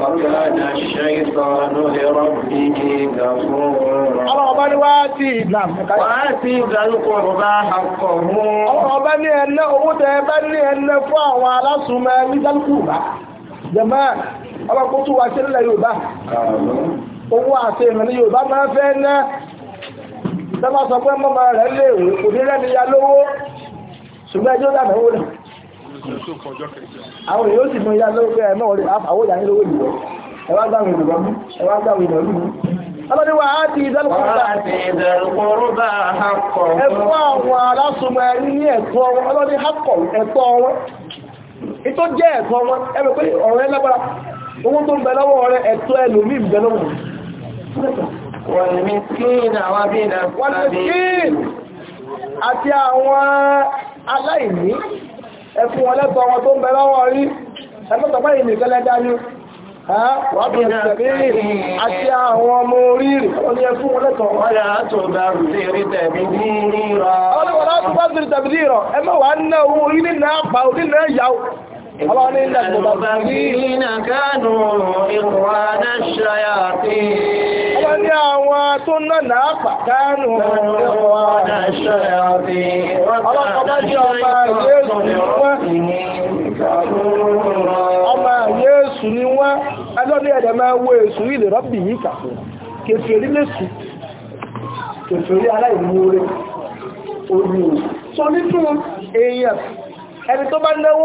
Fọ́kànà ṣẹ́ìtọ́nù lérọ́bí gàfúrú. Ọlọ́run ọba ní wá sí ìlàm. Wá sí ìdálùkọ̀ ọba àkọ̀ mú. Ọlọ́run ọba ní ẹ̀nà owó tẹ bá ní ẹ̀nà fún àwọn alásùnmọ̀ ní dálùkù bá. Jẹ̀mọ́ ọlọ́kùn tún wá sí ilẹ̀ Yorùbá. Owó àti ìrìnlẹ̀ Yorùbá máa fẹ́ ná. Tẹ́lá sọ pé mọ́mọ́ rẹ̀ léèwé kò ní ya lówó. Ṣùgbọ́n ẹjọ́ dàbẹ̀ wọlé àwọn èèyàn ó sì mọ ìyá lọ́wọ́ pé ẹ̀mọ́ rẹ̀ àwọn ìyá nílò òyìnbó ẹwà gbàmù ìlú mú ẹwà gbàmù ìlú mú ọlọ́dẹ́wà á ti ìdálùkọ́rọ̀bà ẹ̀fọ́ àwọn alásùnmọ̀ ẹ̀rí ní ẹ̀tọ́ wọn ọlọ́dẹ́ hákọ̀ ẹ̀tọ́ wọn ìtọ́ jẹ́ ẹ̀tọ́ wọn ẹ̀rọ pé ọ̀rọ̀ ẹlẹ́gbàrá owó tó ń bẹ lọ́wọ́ rẹ̀ ẹ̀tọ́ ẹlòmí ìbẹ̀lọ́wọ́ wọ́n ni kí àti àwọn aláìní ẹ fún wọn lẹ́tọ̀ọ́ wọn tó ń bẹ lọ́wọ́ rí ẹgbẹ́tọ̀pá ìmì ìfẹ́lẹ́ dání àti àwọn ọmọ oríire wọ́n ni ẹ fún wọn lẹ́tọ̀ọ́ wọn yà á tó bá rùsírí tẹ̀bí rírọ̀ ọlọ́wọ́n láti orí nínú àpá orí nínú ẹ̀yà Ọlọ́run ní súnà náà pàdánù ọlọ́kọ̀ọ́bá ọma ọmọ ni wọ́n ọmọ Jésù ni wọ́n ẹlọ́ni ẹ̀dẹ̀ máa ẹni tó bá náwó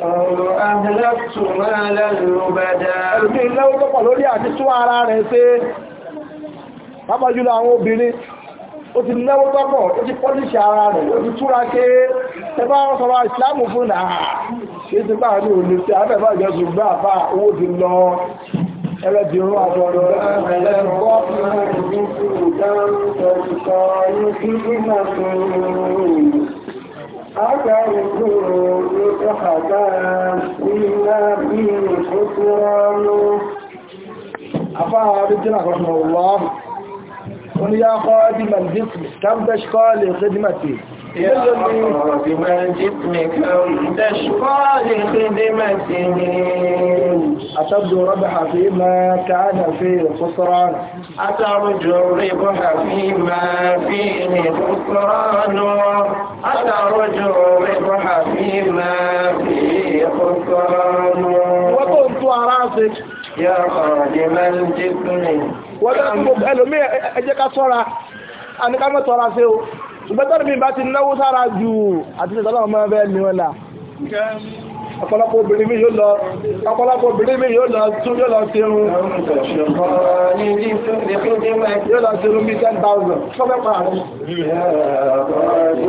Ọ̀rọ̀ ahìlẹ́tù máa lẹ́rù bẹ̀dẹ̀. Ẹlùmí ilẹ̀ ó tọ́pọ̀ lórí àti tún ara rẹ̀ ṣe, pàápàá jùlọ àwọn obìnrin, ó ti lẹ́wọ́ tọ́pọ̀, ó ti pọ́líṣì ara rẹ̀, ó ti túra ké, tẹbá sọ̀rọ̀ ìsìlámù fún náà, ṣe ti bá ní òní sí abẹ́fà jẹ́ ṣùgbọ́n àbá owó ti lọ ẹlẹ́bìnrin أدركوا لتحدث فيما فيه خسران أفاها رجل رحمه الله قل يا خادم الجسم كم تشقى لخدمتي يا خادم الجسم كم تشقى لخدمتي أتبدو ربح فيما كان فيه خسران أترجو ربح فيما فيه خسران أترجو ربح فيما فيه خسران وكنت أراسك يا خادم الجسم wọ́n ẹlòmí ẹjẹ́ ká sọ́ra àníkámẹ́ tọ́ra sí o ṣùgbọ́n tọ́rọ mi bá ti náwó sára jù àti ìṣẹ́lọ́wọ́ ọ̀pọ̀lọpọ̀ obìnrin mi yóò lọ ọ̀pọ̀lọpọ̀ obìnrin mi yóò lọ tún yóò lọ sí irun yóò lọ sí irun bí 10,000 fọ́fẹ́ pààrẹ ẹ̀rọ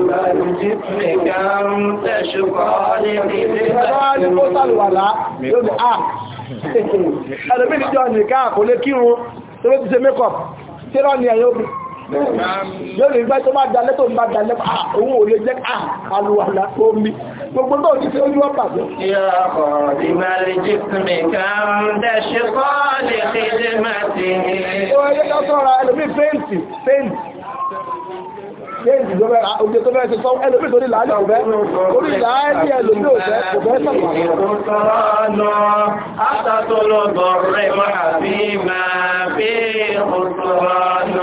mi ní ah! jọ nìkan àkọlé kírun tó ló ti ṣe mẹ́kọ̀ọ́ tí lọ́ ni ẹ̀yọ́ obìnrin yóò lè gbá tó bá dalẹ́ tó bá dalẹ́ ah, òun ò lè jẹ́ ah, àlùwàlà omi gbogbo tó ti fi ojú ọ̀pá bẹ̀. yọ̀bọ̀ ìmàlè jíkùnmí kan dẹ̀ṣẹ̀ kọ́ lè ṣe jẹ́ máa ti ní. ó yẹ ká sọ́ra ẹlòmí fẹ́ǹtì fẹ́ǹtì léèdì ló bẹ́ra ojú tó bẹ́ẹ̀ ti sọ ẹlòmí tó ní láàájì ọ̀fẹ́ orí láàájì ẹlòmí òfẹ́ kò sọ̀rọ̀ àwọn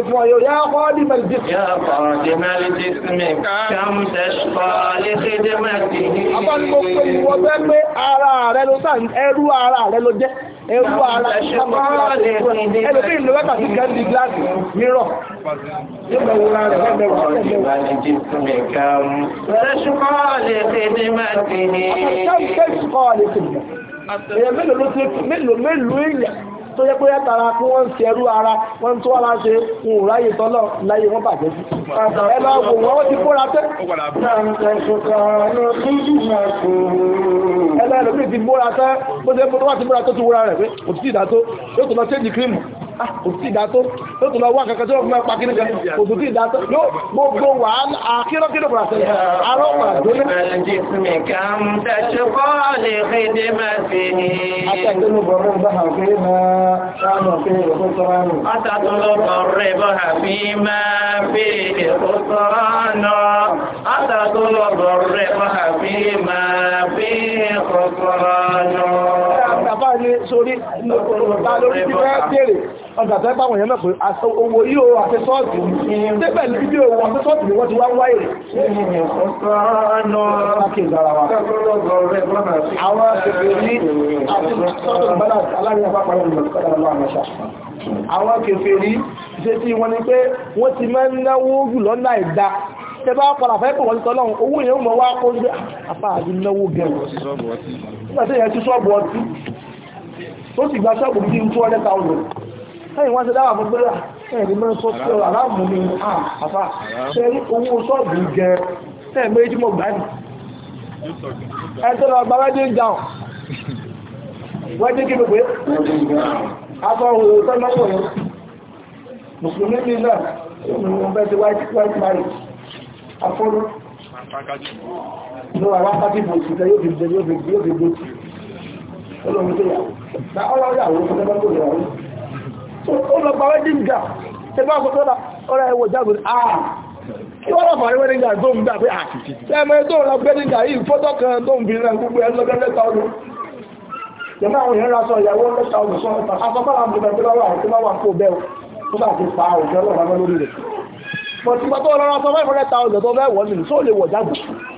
jáde fún ọyọ yá kọ́ ní mẹ́lìdìsì. yá kọ́ ní mẹ́lìdìsì mi kàm tẹ́ṣkọ́ léṣẹ́dé mẹ́tì. abánigbó pé ìwọ fẹ́ pé ara rẹ ló sàn ẹrú ara rẹ ló jẹ́ ẹrú ara ẹlòmí ìlú wẹ́kà sí kẹ́ndì gíláàsì mírọ̀ yóò bẹ̀rù ra rẹ̀ fẹ́ bẹ̀rù rẹ̀ bẹ̀rù rẹ̀ tẹ́ṣkọ́ léṣẹ́dé mẹ́tì. èèyàn mélòó tó yẹ pé yàtara kí wọ́n ń ṣe ẹrú ara wọ́n tó ara ṣe ń wò ráyè tọ́lọ̀ láyé wọ́n bàjẹ́ sí. ẹ máa wò wọ́n ti kóra tẹ́. ẹlẹ́rìí ti bóra tẹ́ bó ti bóra tó ti wúra rẹ̀ pé òtítì ìdá tó yóò tó lọ ṣéèjì kírímù Ah, kò sí ìdátó tó tún lọ wá kankan tí wọ́n fún ẹpa kíníkan kò tún sí ìdátó yóò gbogbo wà á àkírọ́kírọ́ bọ̀rọ̀ sẹ́yìn arọ́pàá jóná. Àtàtúlọ̀bọ̀ rẹ̀ máa fi máa fi kọ̀kọ̀rọ̀ náà. Àtàfà ní sórí lórí ti fẹ́ bèèrè ọjà tó ẹ́pàwọn èèyàn mẹ́pẹ̀ owó yíò àfẹ́sọ́ọ̀tì tẹ́bẹ̀ ní bí owó àfẹ́sọ́ọ̀tì ni wọ́n ti wá ń wáyé àwọn kèfèrí ṣe tí wọ́n ni pé wọ́n ti máa ń náwó jù lọ́nà ìdá tẹbá padà fẹ́ pọ̀ wọ́n tọ́lọ́run owó èèyàn mọ̀ wá kó ń gbé àfáàdì náwó gẹ̀rọ nígbàtí èèyàn ọtí tó sì gba ṣọ́ọ̀bù lẹ́yìn wọ́n ti dáwà fún gbéra ẹ̀rí mọ́ sọ sí ọ̀rọ̀ aláàmù ní àfà ṣe rí owó sọ́ọ̀bù jẹ ẹ̀ méjì mọ̀ gbá ní ẹ̀tọ́ lọ gba wedding gown wedding kíkò pé aṣọ òwò tó yẹn mùsùlùmí ní náà òun bẹ́ẹ̀ ti white marriage afọ́nú ló wà wá pàtí bò sí yóò fi gbé yóò fi gbé yóò fi gbé ọlọ́run tó yà ọlọ́run yà wọ́n tó yà wọ́n ó lọ gba wedding a. ṣe bá ọ̀rọ̀ ẹwọ jágùn àà ah! kí wọ́n lọ́fà rí wedding tó ń gbà pé ah! à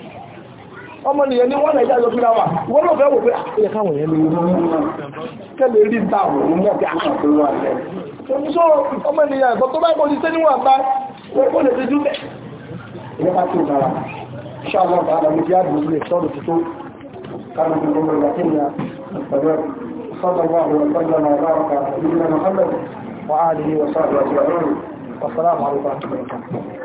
ọmọ nìyẹn ní wọ́n nàìjíríà lọ́fíra wà wọ́n lọ́fẹ́ wò pé àkóyẹ ah, káwọn èèyàn lè rí kẹ́lẹ̀ rí ta òun mọ́ pé àkóyẹ so ọmọ nìyẹn ẹ̀kọ́ tó bá ẹ̀kọ́ ti sẹ́ níwọ̀n bá ó lè ti dúpẹ́ ìyẹ́ká tó dára ṣáàlọ́ bá lọ ní bí àdùn ilé sọ́dọ̀ tuntun kánú tó gbogbo ìgbà tí ìyá pẹ̀lú sọ́dọ̀ wà lọ pẹ̀lú ọmọ ọba ọkà ìlú ilẹ̀ mọ́hàmẹ́d wà á lè ní wọ́sán àti àti àrùn wàsálàmù